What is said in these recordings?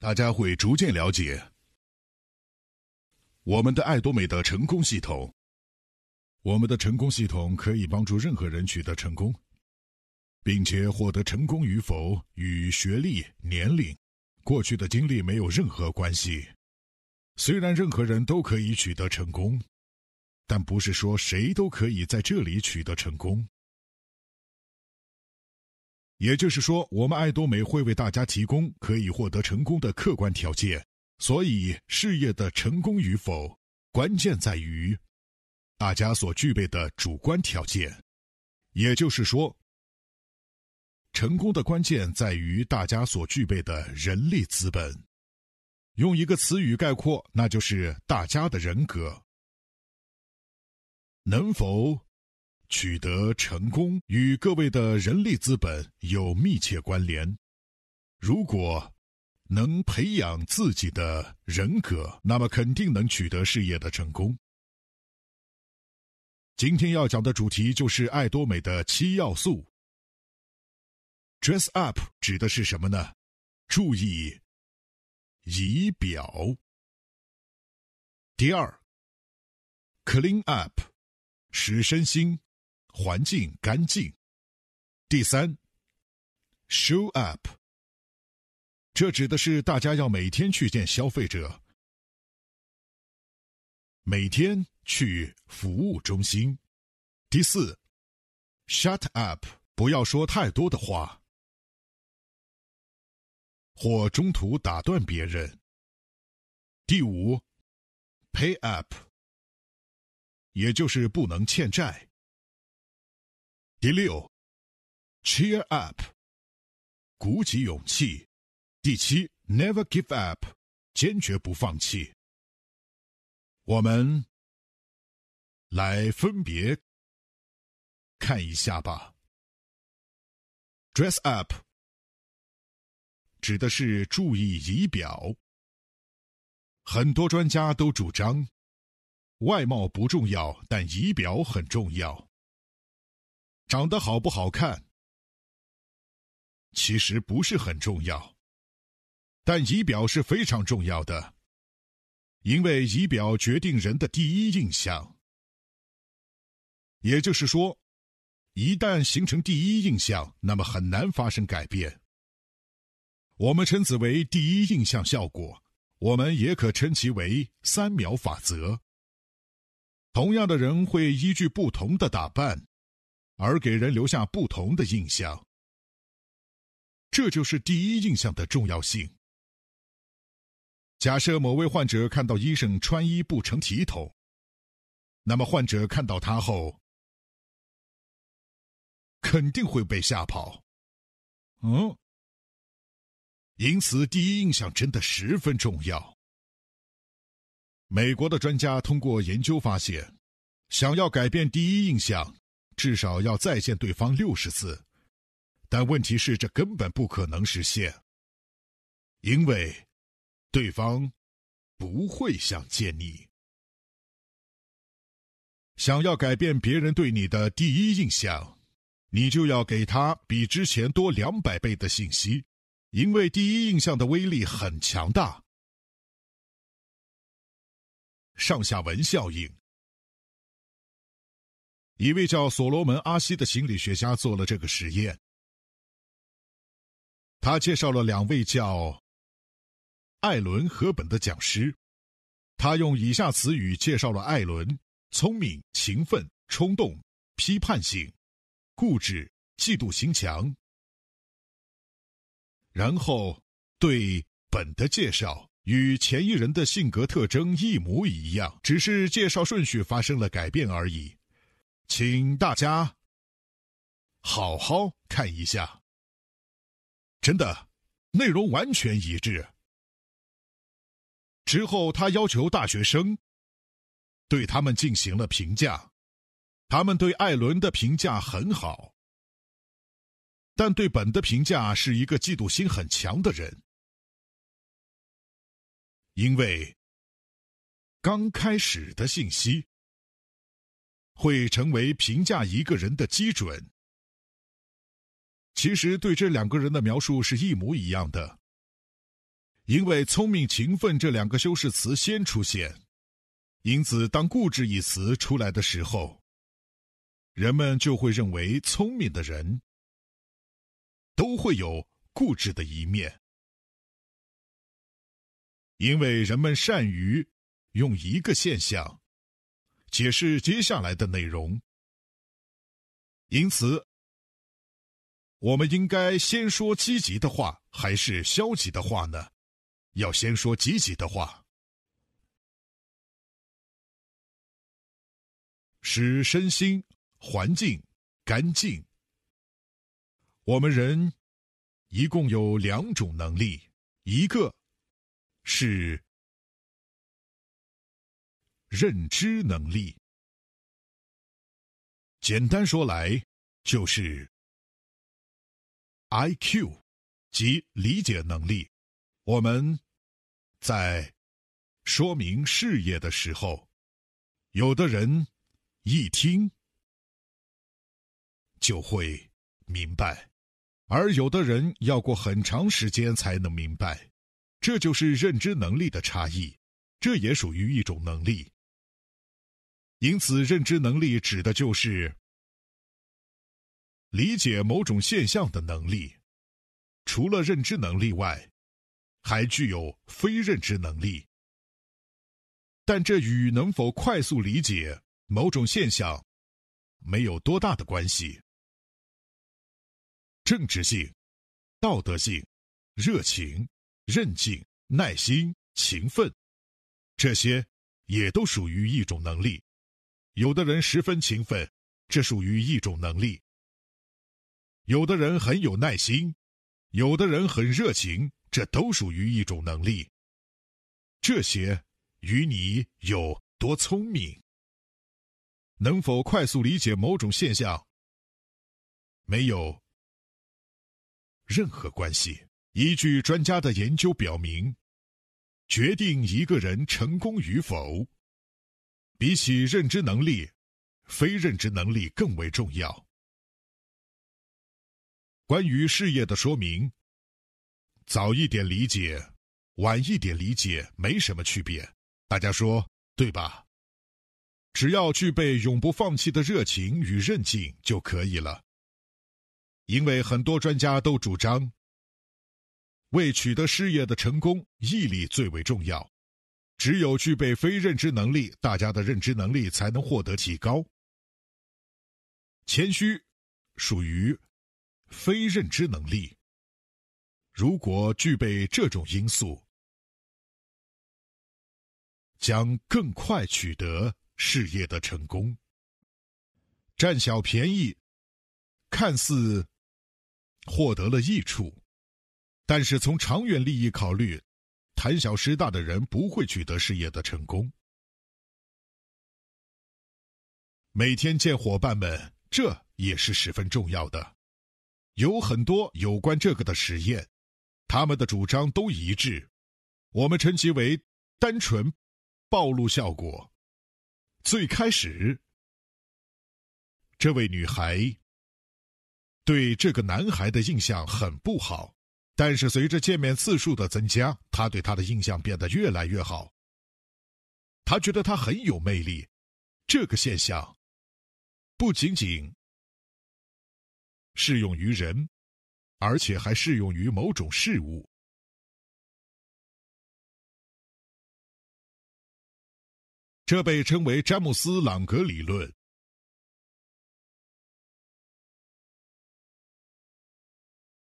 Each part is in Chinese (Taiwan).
大家會逐漸了解我們的艾多美的成功系統。我們的成功系統可以幫助任何人取得成功，並且獲得成功與否與學歷、年齡、過去的經歷沒有任何關係。雖然任何人都可以取得成功，但不是說誰都可以在這裡取得成功。也就是說，我們艾多美會為大家提供可以獲得成功的客觀條件，所以事業的成功與否，關鍵在於大家所具備的主觀條件。也就是說，成功的關鍵在於大家所具備的人力資本。用一個詞語概括，那就是大家的人格。能否取得成功與各位的人力資本有密切關聯。如果能培養自己的人格，那麼肯定能取得事業的成功。今天要講的主題就是愛多美的七要素。Dress up 指的是什麼呢？注意儀表。第二，Clean up，使身心。環境乾淨。第三，show up，這指的是大家要每天去見消費者，每天去服務中心。第四，shut up，不要說太多的話，或中途打斷別人。第五，pay up，也就是不能欠債。第六，cheer up，鼓起勇氣；第七，never give up，堅決不放棄。我們來分別看一下吧。Dress up，指的是注意儀表。很多專家都主張，外貌不重要，但儀表很重要。長得好不好看，其實不是很重要，但儀表是非常重要的，因為儀表決定人的第一印象。也就是說，一旦形成第一印象，那麼很難發生改變。我們稱之為第一印象效果，我們也可稱其為三秒法則。同樣的人會依據不同的打扮。而給人留下不同的印象，這就是第一印象的重要性。假設某位患者看到醫生穿衣不成體統，那麼患者看到他後肯定會被嚇跑，嗯。因此，第一印象真的十分重要。美國的專家通過研究發現，想要改變第一印象，至少要再見對方六十次，但問題是這根本不可能實現，因為對方不會想見你。想要改變別人對你的第一印象，你就要給他比之前多兩百倍的信息，因為第一印象的威力很強大。上下文效應。一位叫所羅門·阿西的心理學家做了這個實驗。他介紹了兩位叫艾倫和本的講師。他用以下詞語介紹了艾倫：聰明、勤奮、衝動、批判性、固執、嫉妒心強。然後對本的介紹與前一人的性格特徵一模一樣，只是介紹順序發生了改變而已。請大家好好看一下，真的，內容完全一致。之後他要求大學生對他們進行了評價，他們對艾倫的評價很好，但對本的評價是一個嫉妒心很強的人，因為剛開始的信息。會成為評價一個人的基準。其實，對這兩個人的描述是一模一樣的，因為“聰明”“勤奮”這兩個修飾詞先出現，因此當“固執”一詞出來的時候，人們就會認為聰明的人都會有固執的一面，因為人們善於用一個現象。解釋接下來的內容。因此，我們應該先說積極的話還是消極的話呢？要先說積極的話。使身心環境乾淨。我們人一共有兩種能力，一個是。認知能力，簡單說來就是 IQ 及理解能力。我們在說明事業的時候，有的人一聽就會明白，而有的人要過很長時間才能明白，這就是認知能力的差異。這也屬於一種能力。因此，認知能力指的就是理解某種現象的能力。除了認知能力外，還具有非認知能力，但這與能否快速理解某種現象沒有多大的關係。政治性、道德性、熱情、韌勁、耐心、勤奮，這些也都屬於一種能力。有的人十分勤奮，這屬於一種能力；有的人很有耐心，有的人很熱情，這都屬於一種能力。這些與你有多聰明、能否快速理解某種現象，沒有任何關係。依據專家的研究表明，決定一個人成功與否。比起認知能力，非認知能力更為重要。關於事業的說明，早一點理解，晚一點理解沒什麼區別，大家說對吧？只要具備永不放棄的熱情與韌勁就可以了。因為很多專家都主張，為取得事業的成功，毅力最為重要。只有具備非認知能力，大家的認知能力才能獲得提高。謙虛屬於非認知能力，如果具備這種因素，將更快取得事業的成功。占小便宜，看似獲得了益處，但是從長遠利益考慮。貪小失大的人不會取得事業的成功。每天見夥伴們，這也是十分重要的。有很多有關這個的實驗，他們的主張都一致。我們稱其為單純暴露效果。最開始，這位女孩對這個男孩的印象很不好。但是隨着見面次數的增加，他對他的印象變得越來越好。他覺得他很有魅力。這個現象不僅僅適用於人，而且還適用於某種事物。這被稱為詹姆斯朗格理論。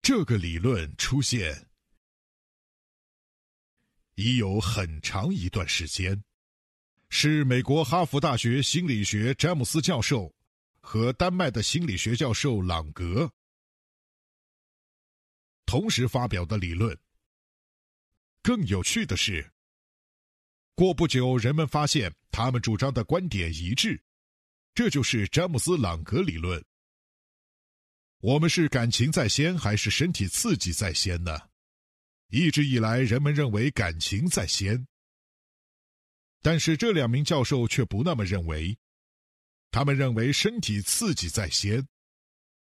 這個理論出現已有很長一段時間，是美國哈佛大學心理學詹姆斯教授和丹麥的心理學教授朗格同時發表的理論。更有趣的是，過不久人們發現他們主張的觀點一致，這就是詹姆斯·朗格理論。我們是感情在先，還是身體刺激在先呢？一直以來，人們認為感情在先。但是這兩名教授卻不那麼認為，他們認為身體刺激在先。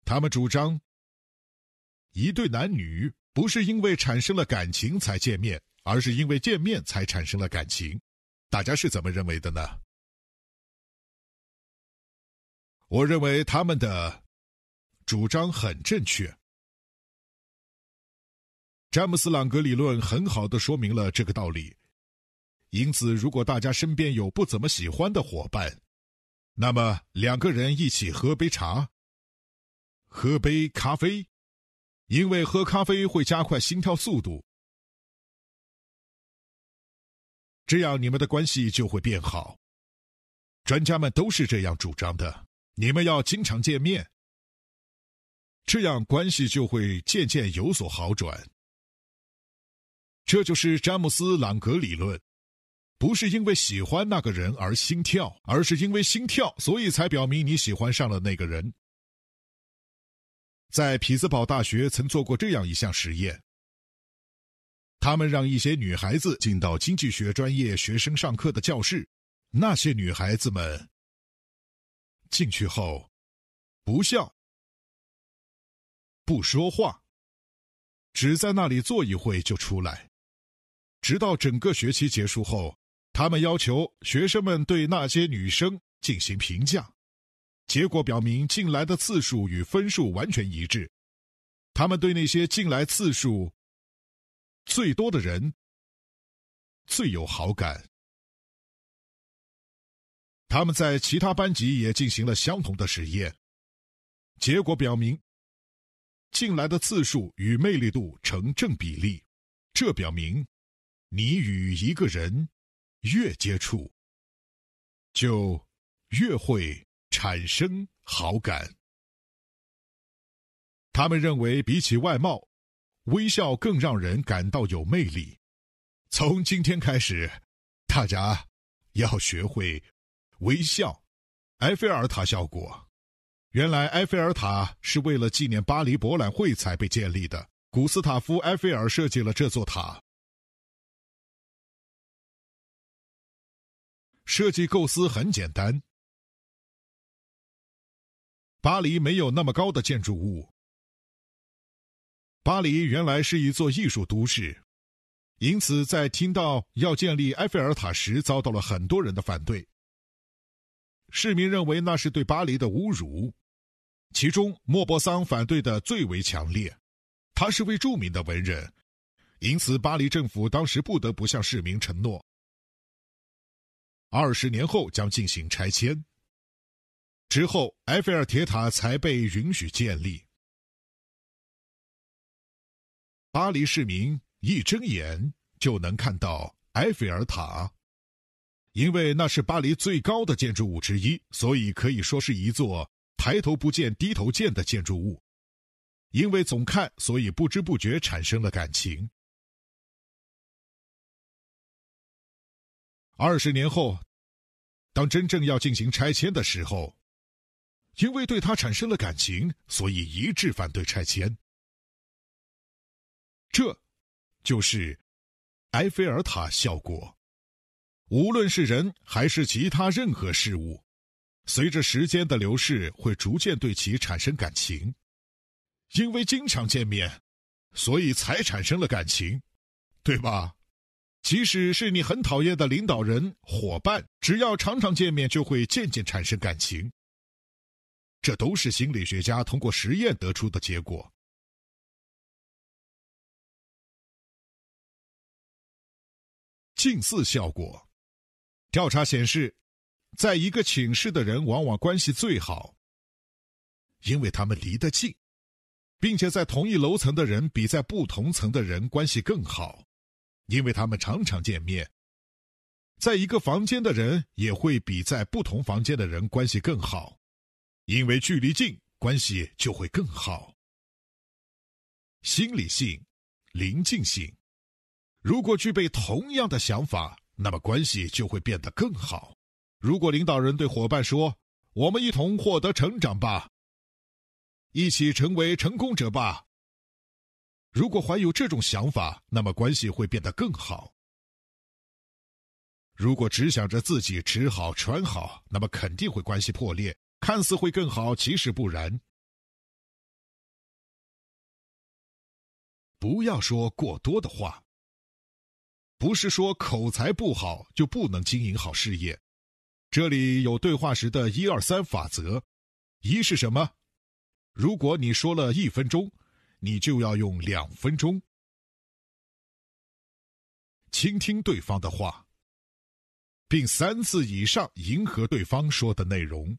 他們主張，一對男女不是因為產生了感情才見面，而是因為見面才產生了感情。大家是怎麼認為的呢？我認為他們的。主張很正確。詹姆斯·朗格理論很好地說明了這個道理。因此，如果大家身邊有不怎麼喜歡的夥伴，那麼兩個人一起喝杯茶、喝杯咖啡，因為喝咖啡會加快心跳速度，這樣你們的關係就會變好。專家們都是這樣主張的。你們要經常見面。這樣關係就會漸漸有所好轉。這就是詹姆斯·朗格理論，不是因為喜歡那個人而心跳，而是因為心跳，所以才表明你喜歡上了那個人。在匹茲堡大學曾做過這樣一項實驗，他們讓一些女孩子進到經濟學專業學生上課的教室，那些女孩子們進去後不笑。不說話，只在那裡坐一會就出來。直到整個學期結束後，他們要求學生們對那些女生進行評價，結果表明進來的次數與分數完全一致。他們對那些進來次數最多的人最有好感。他們在其他班級也進行了相同的實驗，結果表明。進來的次數與魅力度成正比例，這表明，你與一個人越接觸，就越會產生好感。他們認為，比起外貌，微笑更讓人感到有魅力。從今天開始，大家要學會微笑。埃菲爾塔效果。原來埃菲爾塔是為了紀念巴黎博覽會才被建立的。古斯塔夫·埃菲爾設計了這座塔。設計構思很簡單，巴黎沒有那麼高的建築物。巴黎原來是一座藝術都市，因此在聽到要建立埃菲爾塔時遭到了很多人的反對。市民認為那是對巴黎的侮辱。其中，莫泊桑反對的最為強烈。他是位著名的文人，因此巴黎政府當時不得不向市民承諾：二十年後將進行拆遷。之後，埃菲爾鐵塔才被允許建立。巴黎市民一睜眼就能看到埃菲爾塔，因為那是巴黎最高的建築物之一，所以可以說是一座。抬頭不見低頭見的建築物，因為總看，所以不知不覺產生了感情。二十年後，當真正要進行拆遷的時候，因為對他產生了感情，所以一致反對拆遷。這，就是埃菲爾塔效果。無論是人還是其他任何事物。隨着時間的流逝，會逐漸對其產生感情，因為經常見面，所以才產生了感情，對吧？即使是你很討厭的領導人、夥伴，只要常常見面，就會漸漸產生感情。這都是心理學家通過實驗得出的結果。近似效果，調查顯示。在一個寢室的人往往關係最好，因為他們離得近，並且在同一樓層的人比在不同層的人關係更好，因為他們常常見面。在一個房間的人也會比在不同房間的人關係更好，因為距離近，關係就會更好。心理性，鄰近性，如果具備同樣的想法，那麼關係就會變得更好。如果領導人對夥伴說：“我們一同獲得成長吧，一起成為成功者吧。”如果懷有這種想法，那麼關係會變得更好。如果只想着自己吃好穿好，那麼肯定會關係破裂，看似會更好，其實不然。不要說過多的話。不是說口才不好就不能經營好事業。這裡有對話時的一二三法則：一是什麼？如果你說了一分鐘，你就要用兩分鐘傾聽對方的話，並三次以上迎合對方說的內容。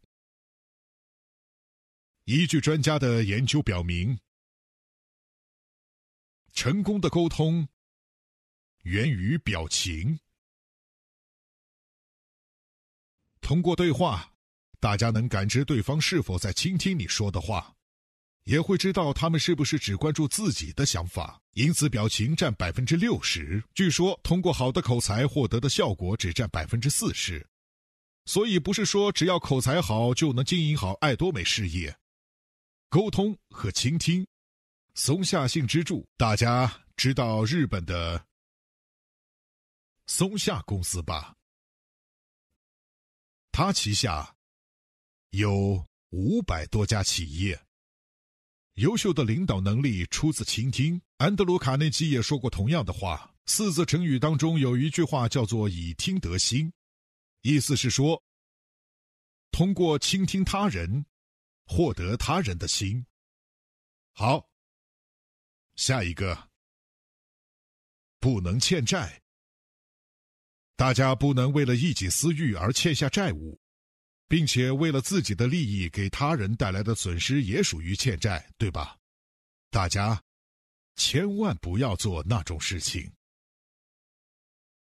依據專家的研究表明，成功的溝通源於表情。通過對話，大家能感知對方是否在傾聽你說的話，也會知道他們是不是只關注自己的想法。因此，表情占百分之六十。據說，通過好的口才獲得的效果只占百分之四十。所以，不是說只要口才好就能經營好艾多美事業。溝通和傾聽，松下幸之助。大家知道日本的松下公司吧？他旗下有五百多家企業。優秀的領導能力出自傾聽。安德魯·卡內基也說過同樣的話。四字成語當中有一句話叫做“以聽得心”，意思是說，通過傾聽他人，獲得他人的心。好，下一個，不能欠債。大家不能為了一己私欲而欠下債務，並且為了自己的利益給他人帶來的損失也屬於欠債，對吧？大家千萬不要做那種事情。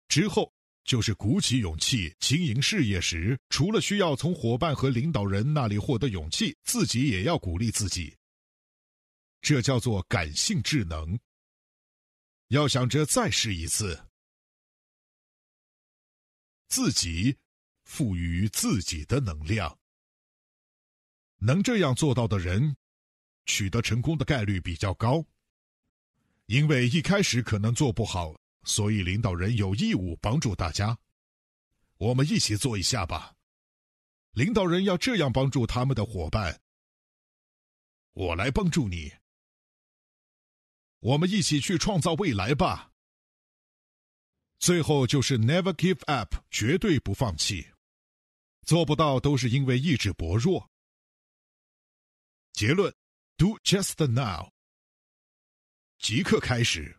之後就是鼓起勇氣經營事業時，除了需要從夥伴和領導人那裡獲得勇氣，自己也要鼓勵自己。這叫做感性智能。要想着再試一次。自己賦予自己的能量。能這樣做到的人，取得成功的概率，比較高。因為一開始可能做不好，所以領導人有義務幫助大家。我們一起做一下吧。領導人要這樣幫助他們的夥伴。我來幫助你。我們一起去創造未來吧。最後就是 Never give up，絕對不放棄。做不到都是因為意志薄弱。結論：Do just now，即刻開始。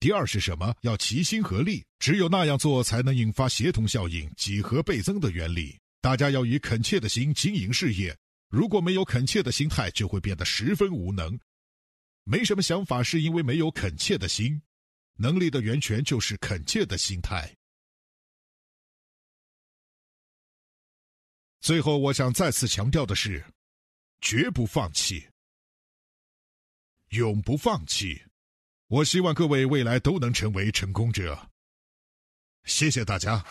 第二是什麼？要齊心合力，只有那樣做才能引發協同效應、幾何倍增的原理。大家要以懇切的心經營事業。如果沒有懇切的心態，就會變得十分無能。沒什麼想法是因為沒有懇切的心。能力的源泉就是懇切的心態。最後，我想再次強調的是，絕不放棄，永不放棄。我希望各位未來都能成為成功者。謝謝大家。